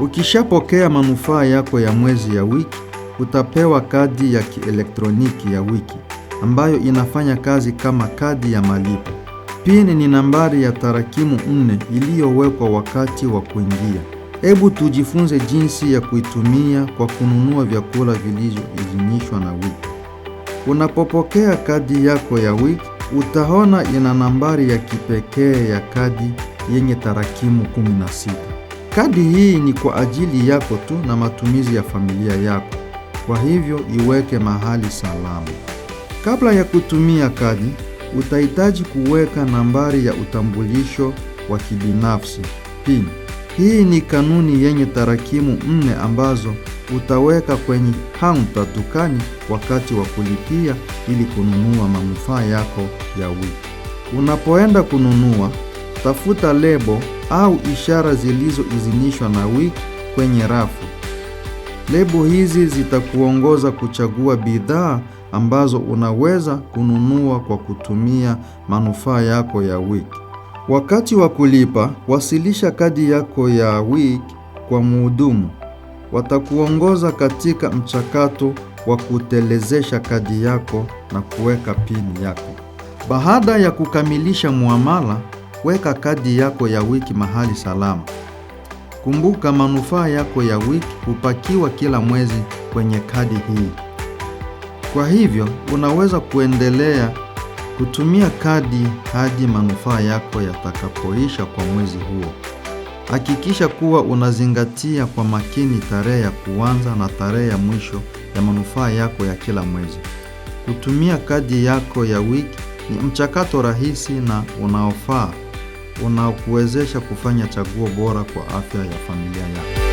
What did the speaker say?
Ukishapokea manufaa yako ya mwezi ya wiki, utapewa kadi ya kielektroniki ya wiki ambayo inafanya kazi kama kadi ya malipo. PIN ni nambari ya tarakimu nne iliyowekwa wakati wa kuingia. Hebu tujifunze jinsi ya kuitumia kwa kununua vyakula vilivyoidhinishwa na wiki. Unapopokea kadi yako ya wiki, utaona ina nambari ya kipekee ya kadi yenye tarakimu 16. Kadi hii ni kwa ajili yako tu na matumizi ya familia yako, kwa hivyo iweke mahali salama. Kabla ya kutumia kadi, utahitaji kuweka nambari ya utambulisho wa kibinafsi PIN. Hii ni kanuni yenye tarakimu nne ambazo utaweka kwenye kaunta dukani wakati wa kulipia ili kununua manufaa yako ya wiki. Unapoenda kununua, tafuta lebo au ishara zilizoidhinishwa na WIC kwenye rafu. Lebo hizi zitakuongoza kuchagua bidhaa ambazo unaweza kununua kwa kutumia manufaa yako ya WIC. Wakati wa kulipa, wasilisha kadi yako ya WIC kwa mhudumu. Watakuongoza katika mchakato wa kutelezesha kadi yako na kuweka pini yako. Baada ya kukamilisha muamala, Weka kadi yako ya wiki mahali salama. Kumbuka, manufaa yako ya wiki hupakiwa kila mwezi kwenye kadi hii. Kwa hivyo, unaweza kuendelea kutumia kadi hadi manufaa yako yatakapoisha kwa mwezi huo. Hakikisha kuwa unazingatia kwa makini tarehe ya kuanza na tarehe ya mwisho ya manufaa yako ya kila mwezi. Kutumia kadi yako ya wiki ni mchakato rahisi na unaofaa unakuwezesha kufanya chaguo bora kwa afya ya familia yako.